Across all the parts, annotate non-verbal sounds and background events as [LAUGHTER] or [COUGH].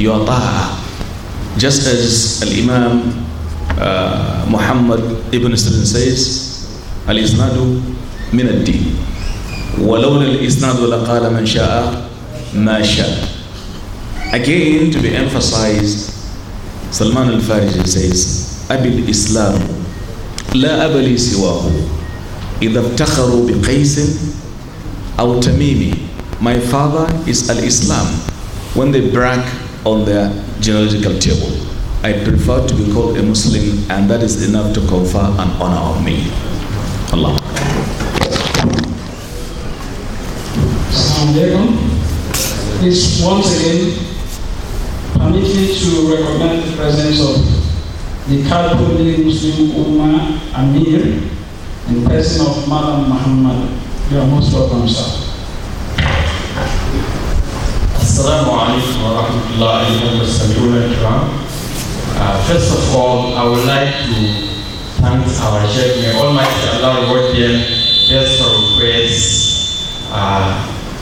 your ta'ah. Just as Al Imam uh, Muhammad ibn Sirin says, Al Isnadu min al din. ولولا الإسناد لقال من شاء ما شاء. Again, to be emphasized, Salman al Fariji says, أبي الإسلام لا أب لي سواه إذا افتخروا بقيس أو Tamimi, My father is Al Islam. When they brag on their genealogical table. I prefer to be called a Muslim, and that is enough to confer an honor on me. Allah. Assalamu once again permitted to recommend the presence of the Kalpuli Muslim Ummah Amir in the person of Madam Muhammad. You are most welcome, sir. Assalamu alaikum wa rahmatullahi wa uh, First of all, I would like to thank our Sheikh. May Almighty Allah reward them best for requests uh,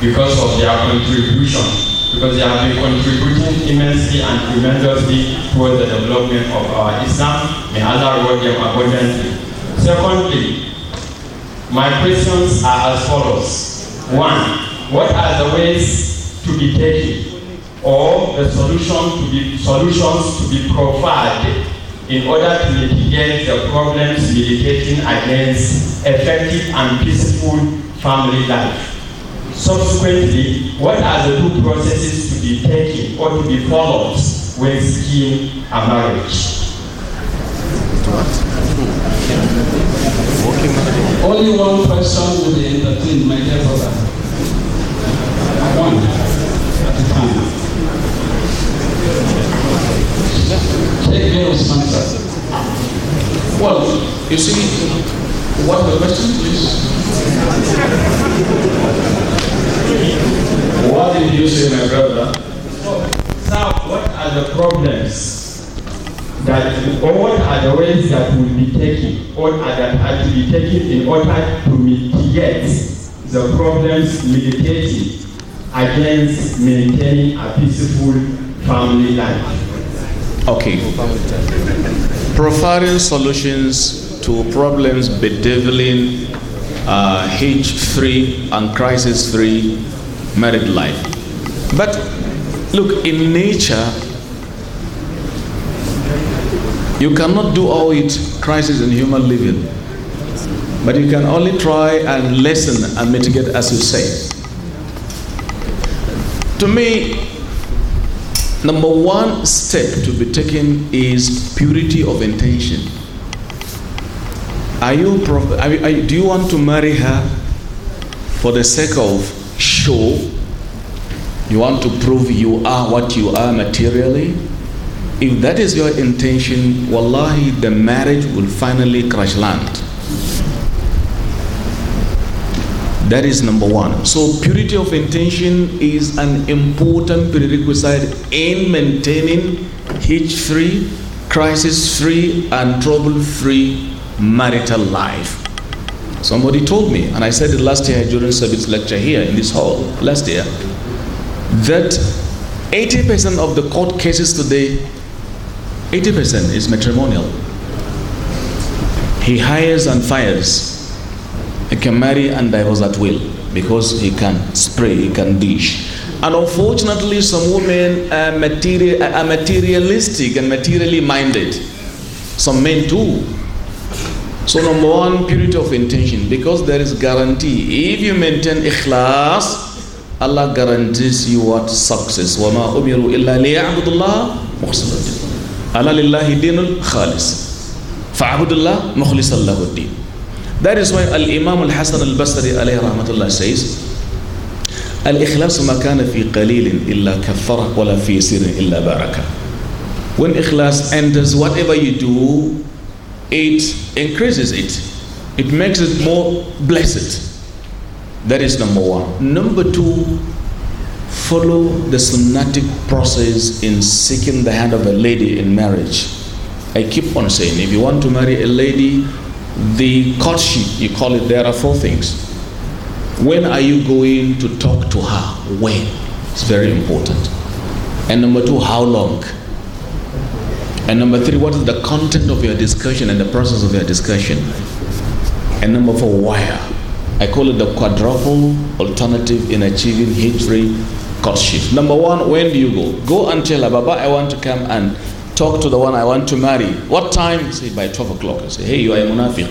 because of their contribution, because they have been contributing immensely and tremendously towards the development of our Islam. May Allah reward them abundantly. Secondly, my questions are as follows. One, what are the ways to be taken or the solution to be, solutions to be provided in order to mitigate the problems militating against effective and peaceful family life. Subsequently, what are the two processes to be taken or to be followed when seeking a marriage? Only one person will be entertained, my dear brother. One. Well, you see, what the question is? What did you say, my brother? Now, what are the problems that, or what are the ways that will be taken, or that are to be taken in order to mitigate the problems mitigating against maintaining a peaceful family life? Okay. Providing solutions to problems bedeviling uh, H3 and crisis free married life. But look, in nature, you cannot do all it crisis in human living. But you can only try and lessen and mitigate as you say. To me, Number one step to be taken is purity of intention. Are you, are you, are you do you want to marry her for the sake of show? You want to prove you are what you are materially? If that is your intention, wallahi, the marriage will finally crash land. That is number one. So, purity of intention is an important prerequisite in maintaining hitch free, crisis free, and trouble free marital life. Somebody told me, and I said it last year during service lecture here in this hall last year, that 80% of the court cases today, 80% is matrimonial. He hires and fires he can marry and divorce at will because he can spray, he can dish. And unfortunately, some women are, material, are materialistic and materially minded. Some men too. So number one, purity of intention because there is guarantee. If you maintain ikhlas, Allah guarantees you what success. وَمَا أُمِرُوا إِلَّا لِيَعْبُدُ اللَّهِ مُخْصِلًا أَلَا لِلَّهِ دِينُ الْخَالِصِ فَعَبُدُ اللَّهِ مُخْلِصًا لَهُ الدِّينُ that is why Al-Imam Al-Hasan Al-Basri alayhi rahmatullah says, Al-Ikhlas ma fi qalilin illa kaffara wa fi sirin illa baraka. When Ikhlas enters, whatever you do, it increases it. It makes it more blessed. That is number one. Number two, follow the sunnatic process in seeking the hand of a lady in marriage. I keep on saying, if you want to marry a lady, the courtship, you call it, there are four things. When are you going to talk to her? When? It's very important. And number two, how long? And number three, what is the content of your discussion and the process of your discussion? And number four, why? I call it the quadruple alternative in achieving hit free courtship. Number one, when do you go? Go and tell her, Baba, I want to come and talk to the one I want to marry. What time? Say by 12 o'clock. I say, hey, you are a munafiq.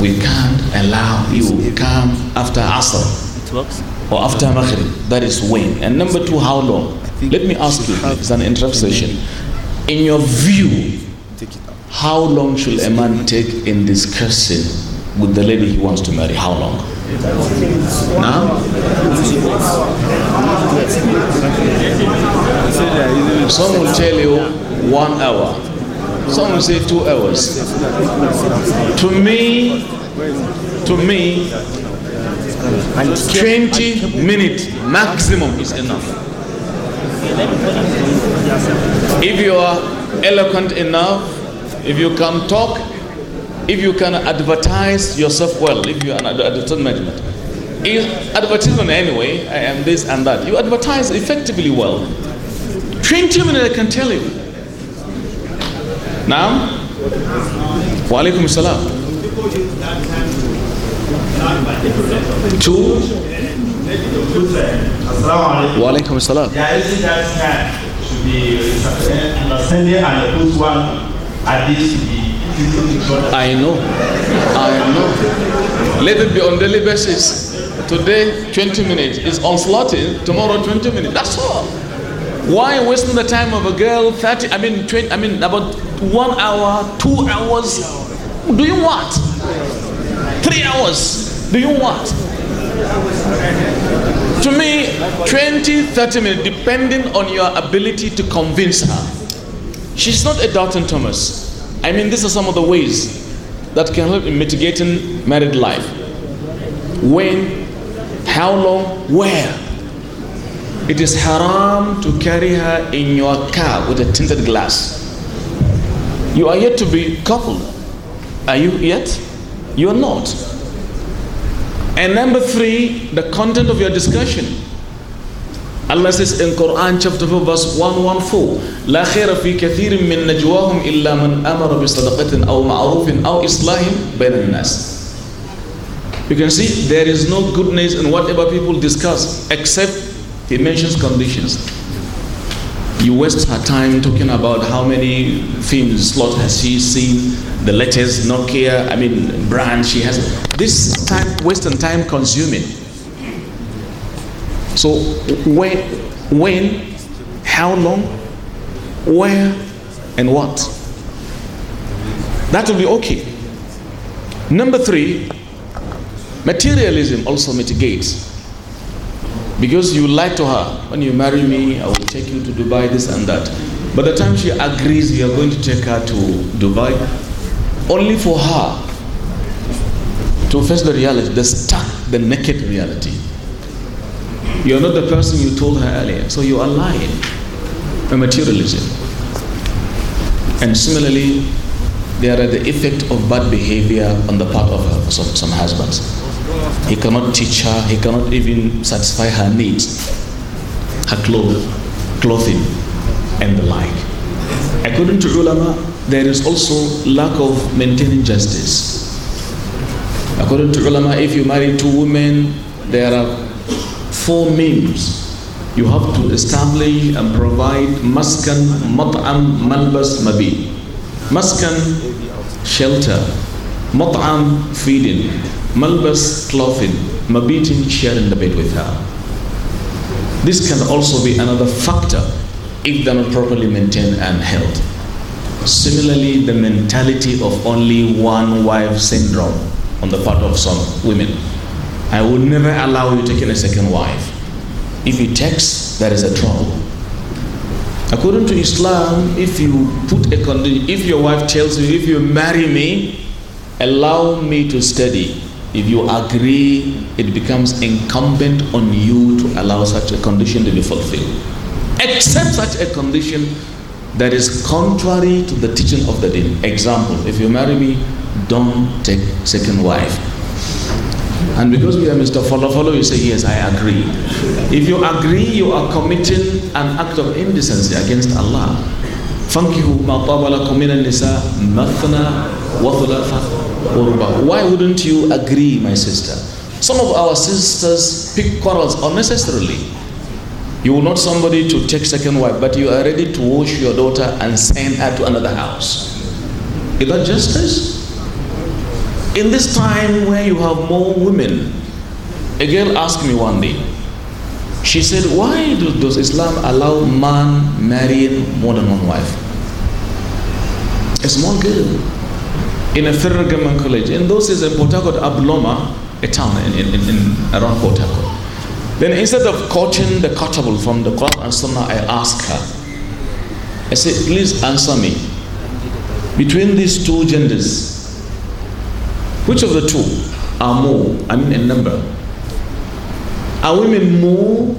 We can't allow you come after Asr. Or after Maghrib. That is when. And number two, how long? Let me ask you, it's an interpretation. In your view, how long should a man take in discussing with the lady he wants to marry? How long? Naam, some will tell you one hour, some will say two hours. To me, to me, 20 minutes maximum is enough. If you are eloquent enough, if you can talk if you can advertise yourself well, if you are an advertisement, management, is advertisement anyway, I am this and that. You advertise effectively well. Train two minutes, I can tell you. Now, wa alaikum salam. Two. Wa alaikum salam. There isn't that time to be understanding uh, and the first one at this I know. I know. Let it be on daily basis. Today, 20 minutes. is on slotting. Tomorrow, 20 minutes. That's all. Why wasting the time of a girl 30, I mean, 20, I mean, about one hour, two hours? Do you want? Three hours. Do you want? To me, 20, 30 minutes, depending on your ability to convince her. She's not a Dalton Thomas. I mean, these are some of the ways that can help in mitigating married life. When, how long, where? It is haram to carry her in your car with a tinted glass. You are yet to be coupled. Are you yet? You are not. And number three, the content of your discussion Allah says in Quran chapter 4 verse 114 لا خير في كثير من نجواهم إلا من أمر بصدقة أو معروف أو إصلاح بين الناس You can see there is no goodness in whatever people discuss except he mentions conditions. You waste her time talking about how many films slot has she seen, the latest Nokia, I mean brand she has. This time, wasting time consuming. So where, when, how long, where, and what. That will be okay. Number three, materialism also mitigates. Because you lie to her, when you marry me, I will take you to Dubai, this and that. By the time she agrees, you are going to take her to Dubai, only for her to face the reality, the stark, the naked reality. You're not the person you told her earlier. So you are lying. A materialism. And similarly, there are the effect of bad behavior on the part of her, some, some husbands. He cannot teach her, he cannot even satisfy her needs, her clothes, clothing, and the like. According to ulama, there is also lack of maintaining justice. According to ulama, if you marry two women, there are four means, You have to establish and provide maskan, mat'am, malbas, mabi. Maskan, shelter. Mat'am, feeding. Malbas, clothing. Mabitin, sharing the bed with her. This can also be another factor if they're not properly maintained and held. Similarly, the mentality of only one wife syndrome on the part of some women I will never allow you taking a second wife. If he takes, that is a trouble. According to Islam, if you put a condition, if your wife tells you, if you marry me, allow me to study. If you agree, it becomes incumbent on you to allow such a condition to be fulfilled. Except such a condition that is contrary to the teaching of the deen. Example, if you marry me, don't take second wife and because we are Mr. Follow Follow, you say, Yes, I agree. If you agree, you are committing an act of indecency against Allah. Why wouldn't you agree, my sister? Some of our sisters pick quarrels unnecessarily. You will not somebody to take second wife, but you are ready to wash your daughter and send her to another house. Is that justice? In this time where you have more women, a girl asked me one day, she said, Why do, does Islam allow man marrying more than one wife? A small girl in a federal government college. In those days in Port Harcourt, Abloma, a town in, in, in around Port Harcourt. Then instead of quoting the quotable from the Quran and Sunnah, I asked her, I said, please answer me. Between these two genders, which of the two are more? I mean, in number. Are women more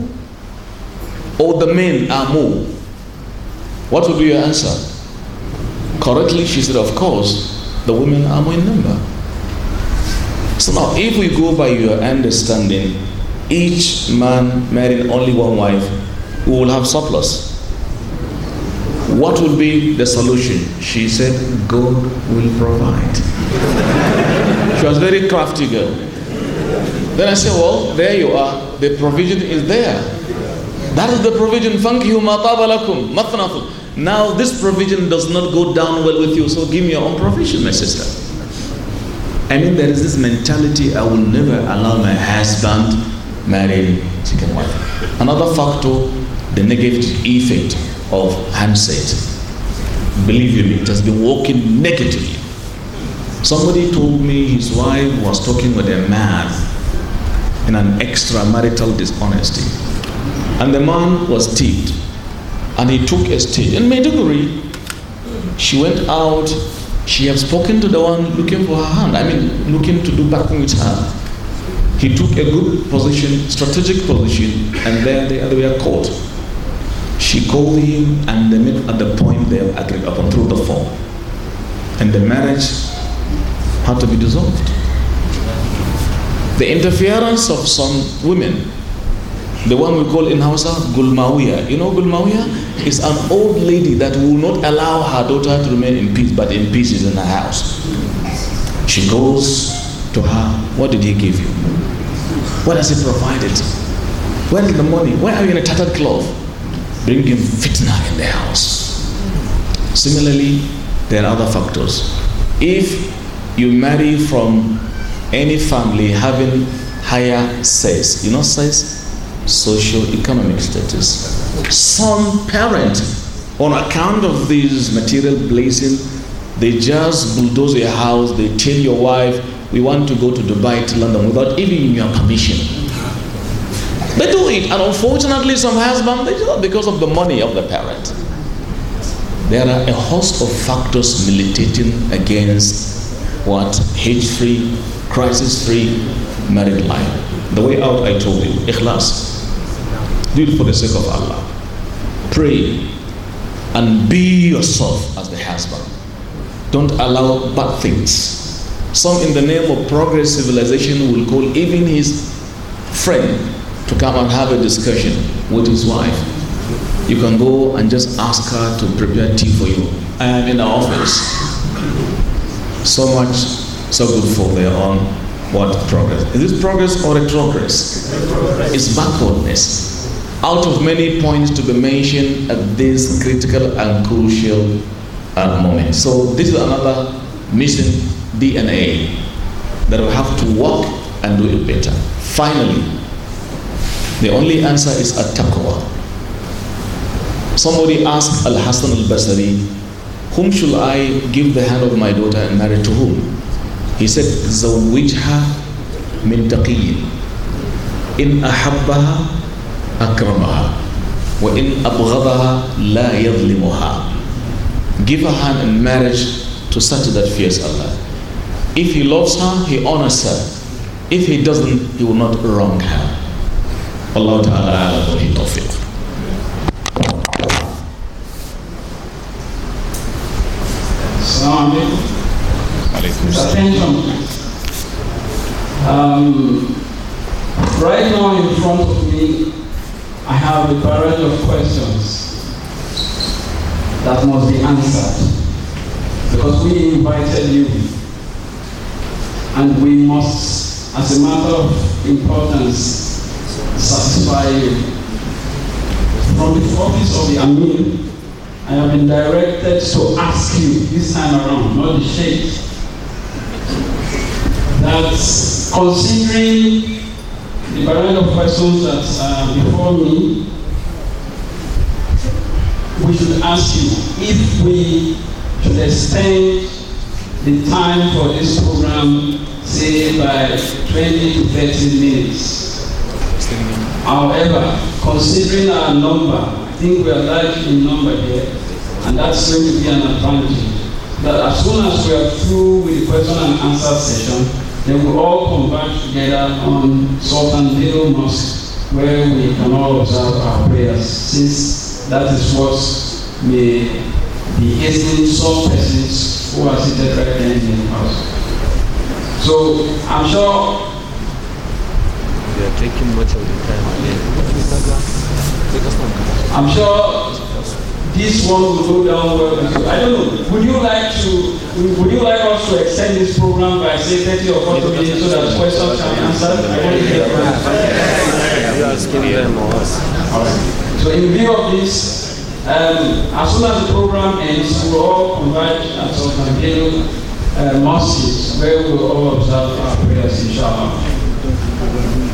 or the men are more? What would be your answer? Correctly, she said, of course, the women are more in number. So now, if we go by your understanding, each man marrying only one wife, we will have surplus. What would be the solution? She said, God will provide. she was very crafty girl. Then I said, Well, there you are. The provision is there. That is the provision. فَانْكِهُ مَا Now this provision does not go down well with you, so give me your own provision, my sister. I mean, there is this mentality, I will never allow my husband marry second wife. Another factor, the negative effect of handset. Believe me, it has been working negatively. Somebody told me his wife was talking with a man in an extramarital dishonesty. And the man was tipped. And he took a stage. In Maiduguri, she went out. She had spoken to the one looking for her hand. I mean, looking to do backing with her. He took a good position, strategic position, and then they, they were caught. She called him and they met at the point they agreed upon through the phone. And the marriage had to be dissolved. The interference of some women, the one we call in Hausa Gulmawiya. You know Gulmawiya is an old lady that will not allow her daughter to remain in peace, but in peace is in her house. She goes to her, what did he give you? What has he provided? Where is the money? Why are you in a tattered cloth? bringing fitna in the house. Similarly, there are other factors. If you marry from any family having higher says, you know, says social, economic status. Some parent, on account of these material blessing, they just bulldoze your house. They tell your wife, "We want to go to Dubai, to London," without even your permission. They do it, and unfortunately, some husbands they do it because of the money of the parent. There are a host of factors militating against what hate-free, crisis-free married life. The way out, I told you, ikhlas. Do it for the sake of Allah. Pray and be yourself as the husband. Don't allow bad things. Some, in the name of progress civilization, will call even his friend to come and have a discussion with his wife. You can go and just ask her to prepare tea for you. I am in the office. So much, so good for their own what progress. Is this progress or retrogress? It's backwardness. Out of many points to be mentioned at this critical and crucial uh, moment. So this is another mission DNA that will have to work and do it better. Finally, the only answer is at taqwa. Somebody asked Al Hassan al Basri, Whom shall I give the hand of my daughter and marry to whom? He said, Zawijha min taqiyin. In ahabbaha akramaha. Wa in abghadaha la yadlimuha. Give a hand in marriage to such that fears Allah. If he loves her, he honors her. If he doesn't, he will not wrong her. والله تعالى أعلم وله التوفيق السلام um, Right now in front of me I have a barrage of questions that must be answered because we invited you and we must as a matter of importance satisfy you. From the office of the Amir, I have been directed to ask you this time around, not the sheikh, that considering the variety of questions that are before me, we should ask you if we should extend the time for this program, say by 20 to 30 minutes. However, considering our number, I think we are large in number here, and that's going to be an advantage. That as soon as we are through with the question and answer session, then we all converge together on Sultan Little Mosque, where we can all observe our prayers, since that is what may be hastening some persons who are seated right there in the house. So I'm sure they are drinking much of the time. I'm sure this one will go down well. I don't know. Would you like to? Would you like us to extend this program by say 30 or 40 minutes so that questions can be answered? Right. So in view of this, um, as soon as the program ends, we will all converge at some Kangelo uh, mosques where we will all observe our prayers, inshallah.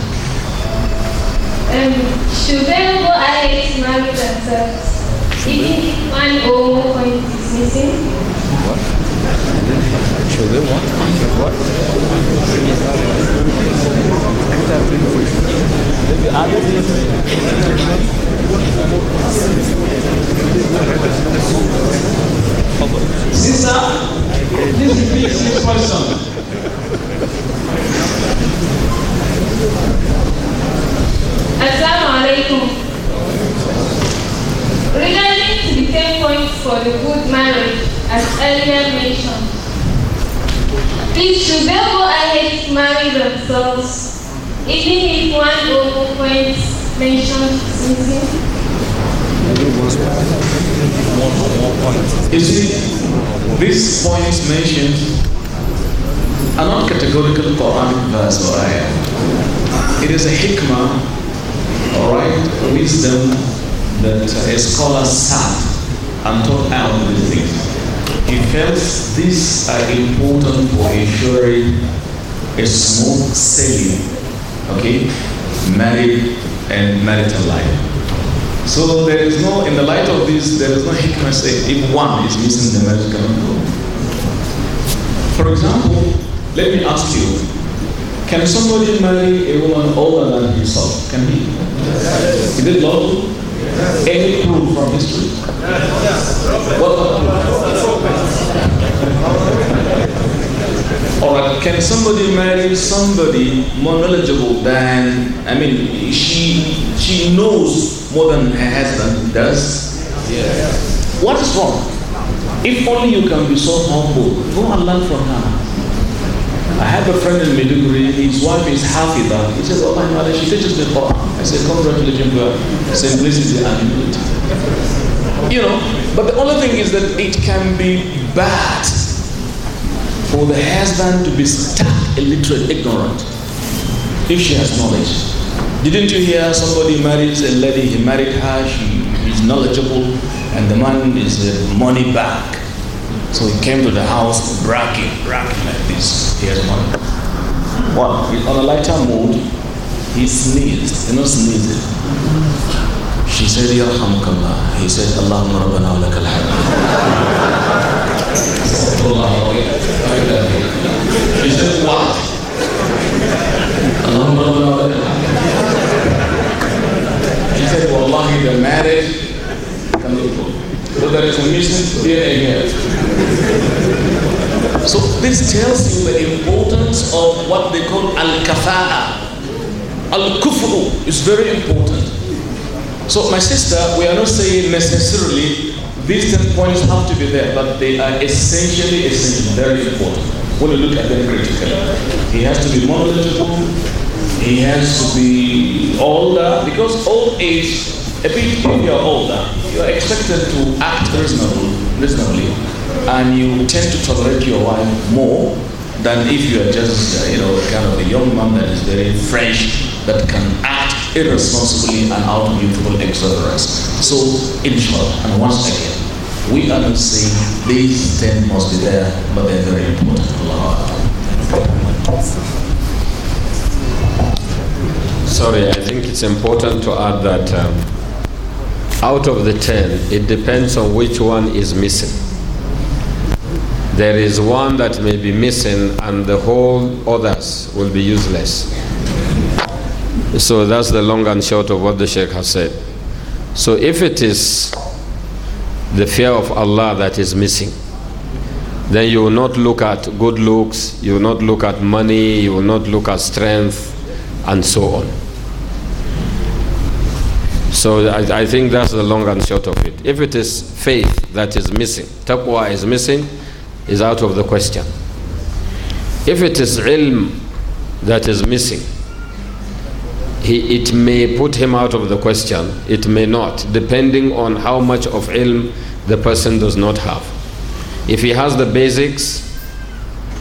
Um, should then go ahead to marry themselves, you think one more point is missing? What? Should they want point of what? What are and talk out these things. He felt these are important for ensuring a smooth sailing, okay, married and marital life. So there is no, in the light of this, there is no hikmah say if one is missing, the marriage For example, let me ask you, can somebody marry a woman older than himself? Can he? Yes. Is it lawful? Any proof from history? What All right, can somebody marry somebody more knowledgeable than, I mean, she, she knows more than her husband does? What is wrong? If only you can be so humble, go and learn from her. I have a friend in Medjugorje, his wife is Hafidah. He says, Oh my mother, she teaches me Quran. I said, Come to religion girl. I said, This is the unity. You know, but the only thing is that it can be bad for the husband to be stuck illiterate, ignorant, if she has knowledge. Didn't you hear somebody marries a lady, he married her, she is knowledgeable, and the man is a money back. So he came to the house bragging, bragging like this. He had one. Well, on a lighter mood, he sneezed. You know, sneezed. She said, Ya Hamkallah. He said, Allahumma rabbana wa lakal She oh said, What? Allahumma rabbana wa lakal She said, Wallahi, the marriage can look good. So there is a mission here and here. So this tells you the importance of what they call al-kafa'a. Al-kufru is very important. So my sister, we are not saying necessarily these 10 points have to be there, but they are essentially essential, very important. When you look at them critically, he has to be knowledgeable, he has to be older, because old age a bit if you're older, you are expected to act reasonable, reasonably, and you tend to tolerate your wife more than if you are just, you know, kind of a young man that is very fresh, that can act irresponsibly and out of youthful exuberance. So, in short, and once again, we are not saying these 10 must be there, but they're very important. Sorry, I think it's important to add that. Um, out of the ten, it depends on which one is missing. There is one that may be missing, and the whole others will be useless. So that's the long and short of what the Sheikh has said. So if it is the fear of Allah that is missing, then you will not look at good looks, you will not look at money, you will not look at strength, and so on. So I, I, think that's the long and short of it. If it is faith that is missing, taqwa is missing, is out of the question. If it is ilm that is missing, he, it may put him out of the question, it may not, depending on how much of ilm the person does not have. If he has the basics,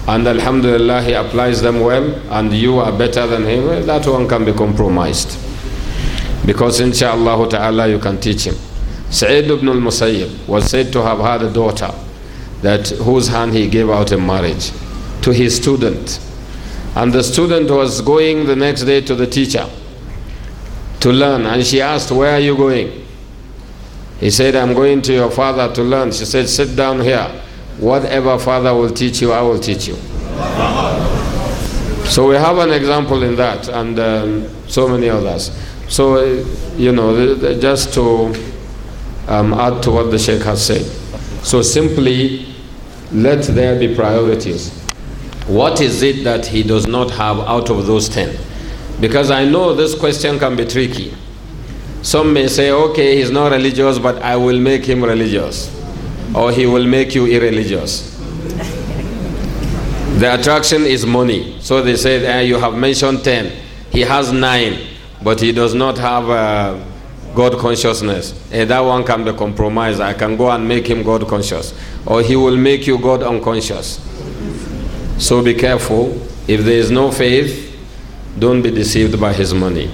and alhamdulillah he applies them well, and you are better than him, that one can be compromised. Because insha'Allah ta'ala you can teach him. Sa'id ibn al-Musayyib was said to have had a daughter that whose hand he gave out in marriage to his student. And the student was going the next day to the teacher to learn. And she asked, where are you going? He said, I'm going to your father to learn. She said, sit down here. Whatever father will teach you, I will teach you. So we have an example in that and um, so many others. So, uh, you know, just to um, add to what the Sheikh has said. So simply let there be priorities. What is it that he does not have out of those 10? Because I know this question can be tricky. Some may say, okay, he's not religious, but I will make him religious. Or he will make you irreligious. the attraction is money. So they say, eh, you have mentioned 10. He has 9 but he does not have uh, God consciousness. and that one can be compromised. I can go and make him God conscious. Or he will make you God unconscious. So be careful. If there is no faith, don't be deceived by his money.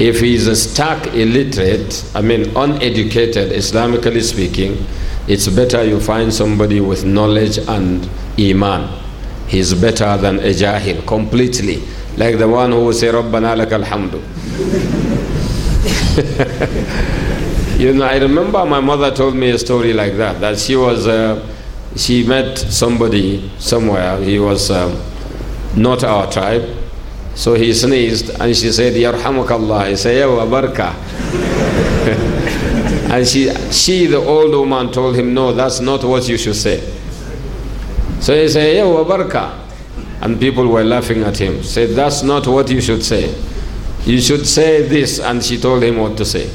If he is a stark illiterate, I mean uneducated, Islamically speaking, it's better you find somebody with knowledge and iman. He's better than a jahil completely like the one who say, Rabbana lakal hamdu. you know, I remember my mother told me a story like that, that she was, uh, she met somebody somewhere, he was um, not our tribe, so he sneezed and she said, Yarhamukallah. He said, Ya barka. [LAUGHS] and she, she, the old woman, told him, No, that's not what you should say. So he said, Ya barka. And people were laughing at him. Said, That's not what you should say. You should say this. And she told him what to say.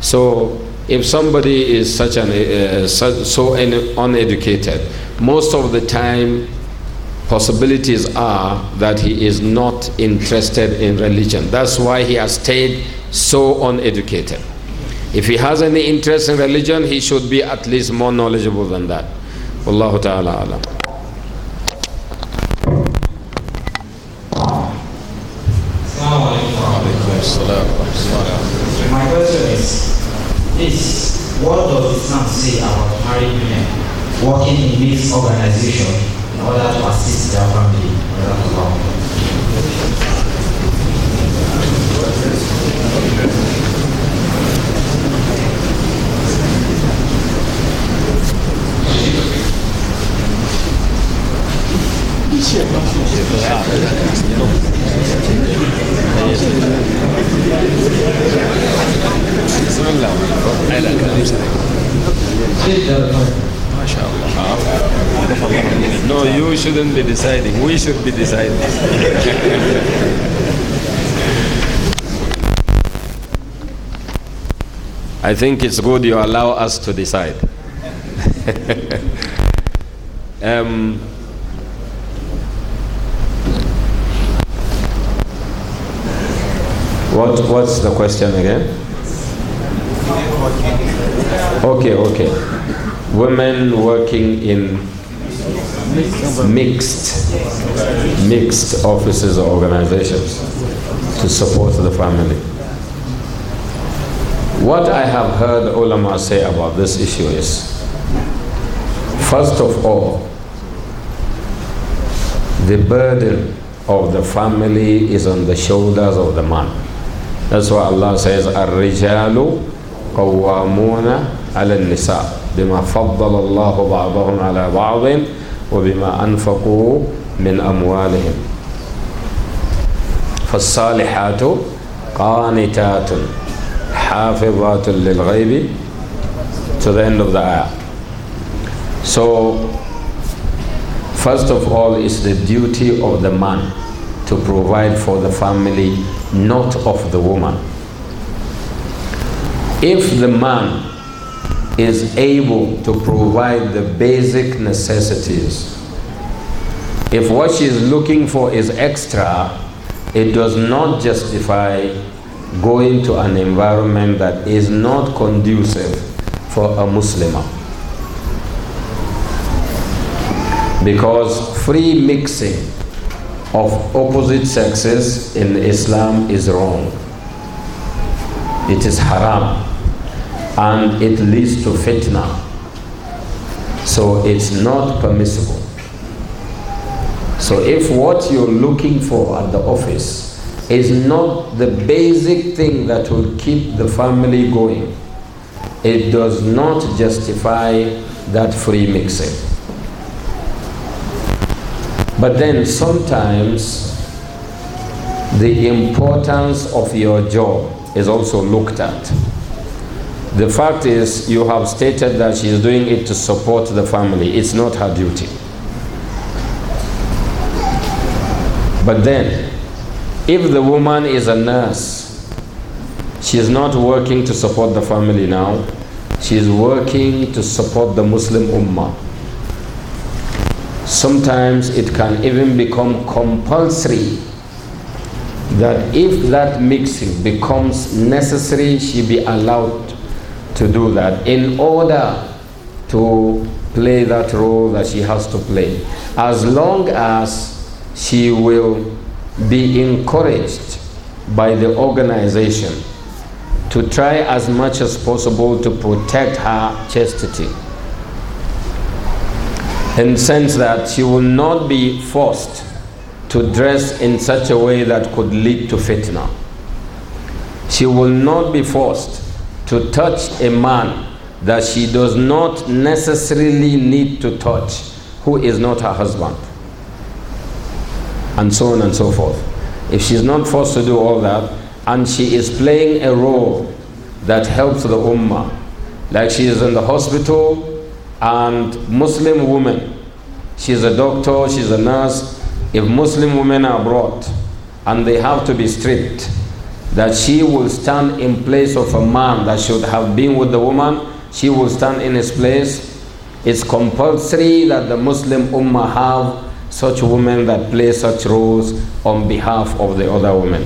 So, if somebody is such an uh, so, uneducated, most of the time, possibilities are that he is not interested in religion. That's why he has stayed so uneducated. If he has any interest in religion, he should be at least more knowledgeable than that. Wallahu ta'ala alam. working in this organization in order to assist their family. shouldn't be deciding. We should be deciding. I think it's good you allow us to decide. [LAUGHS] um, what, what's the question again? Okay, okay. Women working in mixed, mixed offices or organizations to support the family. What I have heard ulama say about this issue is, first of all, the burden of the family is on the shoulders of the man. That's why Allah says, الرجال قوامون al-nisa'." بما فضل Allahu بعضهم ala بعض وبما أنفقوا من أموالهم فالصالحات قانتات حافظات للغيب to the end of the ayah. So, first of all, it's the duty of the man to provide for the family, not of the woman. If the man is able to provide the basic necessities. If what she is looking for is extra, it does not justify going to an environment that is not conducive for a Muslimah. Because free mixing of opposite sexes in Islam is wrong. It is haram and it leads to fitna. So it's not permissible. So if what you're looking for at the office is not the basic thing that will keep the family going, it does not justify that free mixing. But then sometimes the importance of your job is also looked at. The fact is, you have stated that she is doing it to support the family. It's not her duty. But then, if the woman is a nurse, she is not working to support the family now, she is working to support the Muslim Ummah. Sometimes it can even become compulsory that if that mixing becomes necessary, she be allowed to do that in order to play that role that she has to play. As long as she will be encouraged by the organization to try as much as possible to protect her chastity in the sense that she will not be forced to dress in such a way that could lead to fitna. She will not be forced to touch a man that she does not necessarily need to touch, who is not her husband, and so on and so forth. If she's not forced to do all that, and she is playing a role that helps the ummah, like she is in the hospital and Muslim woman, she's a doctor, she's a nurse. If Muslim women are brought and they have to be stripped, that she will stand in place of a man that should have been with the woman, she will stand in his place. It's compulsory that the Muslim Ummah have such women that play such roles on behalf of the other women.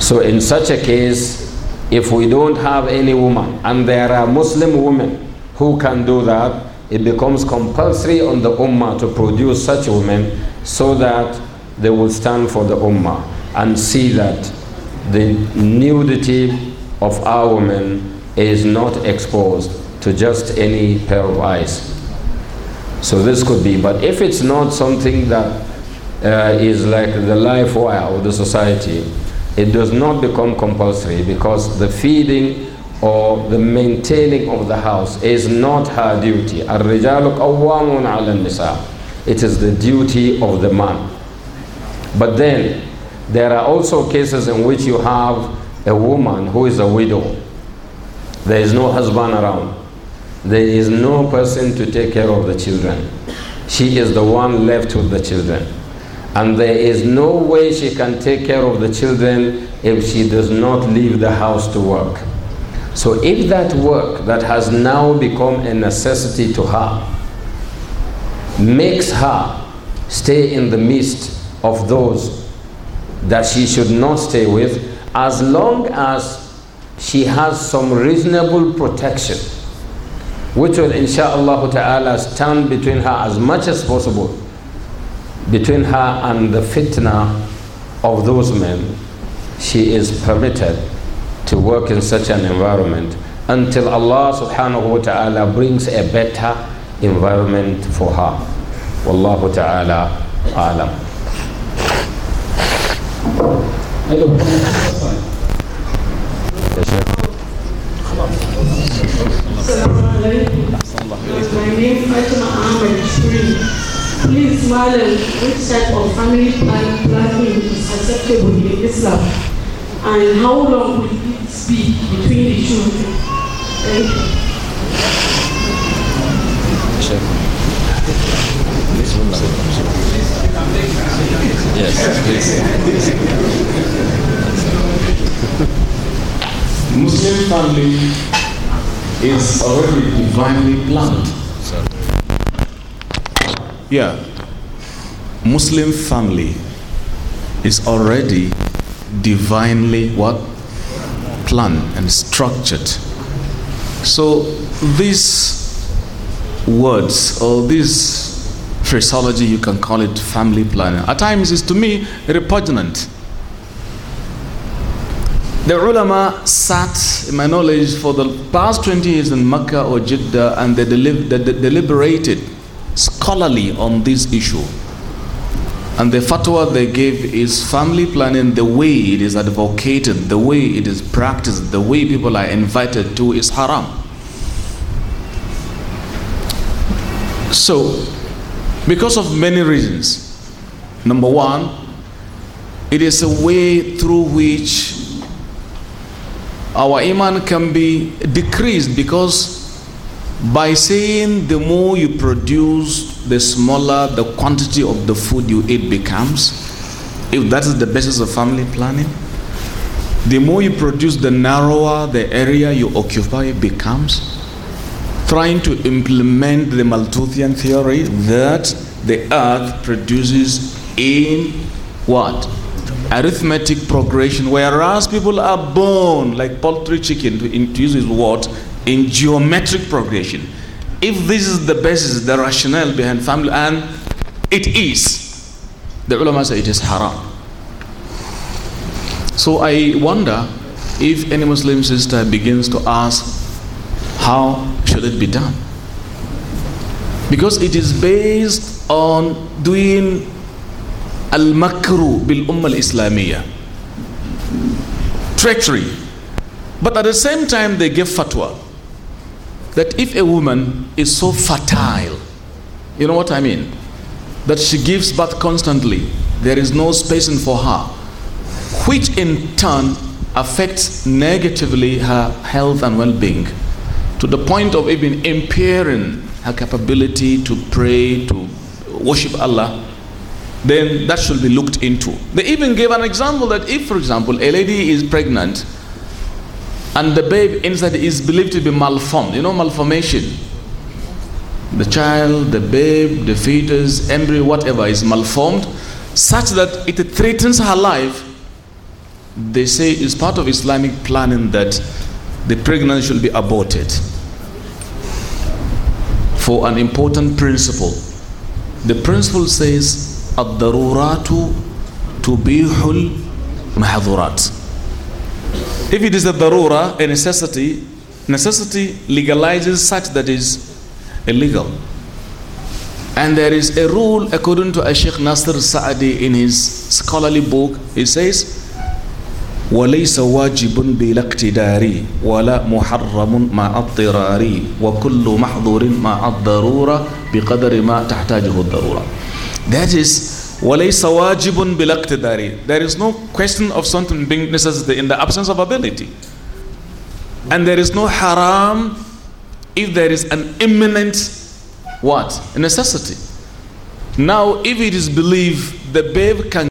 So, in such a case, if we don't have any woman and there are Muslim women who can do that, it becomes compulsory on the Ummah to produce such women so that they will stand for the Ummah and see that the nudity of our women is not exposed to just any pair of eyes. So this could be. But if it's not something that uh, is like the life wire of the society, it does not become compulsory because the feeding or the maintaining of the house is not her duty. It is the duty of the man. But then there are also cases in which you have a woman who is a widow. There is no husband around. There is no person to take care of the children. She is the one left with the children. And there is no way she can take care of the children if she does not leave the house to work. So, if that work that has now become a necessity to her makes her stay in the midst of those that she should not stay with as long as she has some reasonable protection which will insha'Allah ta'ala stand between her as much as possible between her and the fitna of those men she is permitted to work in such an environment until Allah subhanahu wa ta'ala brings a better environment for her wallahu ta'ala alam ايوه يا My name Fatima Ahmed Shuri. Please, Malam, which type of family planning is acceptable in Islam? And how long will it be between the two? Thank you. Yes, please. Muslim family is already divinely planned. Yeah. Muslim family is already divinely what? Planned and structured. So these words or these phraseology, you can call it family planning. At times, it's to me repugnant. The ulama sat, in my knowledge, for the past 20 years in Mecca or Jeddah and they, deliberated scholarly on this issue. And the fatwa they gave is family planning the way it is advocated, the way it is practiced, the way people are invited to is haram. So, because of many reasons. Number one, it is a way through which our iman can be decreased because by saying the more you produce, the smaller the quantity of the food you eat becomes. If that is the basis of family planning, the more you produce, the narrower the area you occupy becomes trying to implement the Malthusian theory that the earth produces in what? Arithmetic progression, whereas people are born like poultry chicken, to, in, use his word, in geometric progression. If this is the basis, the rationale behind family, and it is, the ulama say it is haram. So I wonder if any Muslim sister begins to ask, how should it be done? Because it is based on doing al-makru bil ummah Islamiyah, Treachery. But at the same time, they give fatwa that if a woman is so fertile, you know what I mean? That she gives birth constantly, there is no spacing for her, which in turn affects negatively her health and well being to the point of even impairing her capability to pray, to worship Allah, then that should be looked into. They even gave an example that if, for example, a lady is pregnant and the babe inside is believed to be malformed, you know, malformation. The child, the babe, the fetus, embryo, whatever is malformed, such that it threatens her life. They say it's part of Islamic planning that the pregnancy should be aborted for an important principle. The principle says, الضرورات hul mahdurat." If it is a darura, a necessity, necessity legalizes such that is illegal. And there is a rule according to Sheikh Nasr Saadi in his scholarly book. He says, وليس واجب بلا اقتدار ولا محرم مع اضطراري وكل محظور مع الضرورة بقدر ما تحتاجه الضرورة that is وليس واجب بلا there is no question of something being necessary in the absence of ability and there is no haram if there is an imminent what necessity now if it is believed the babe can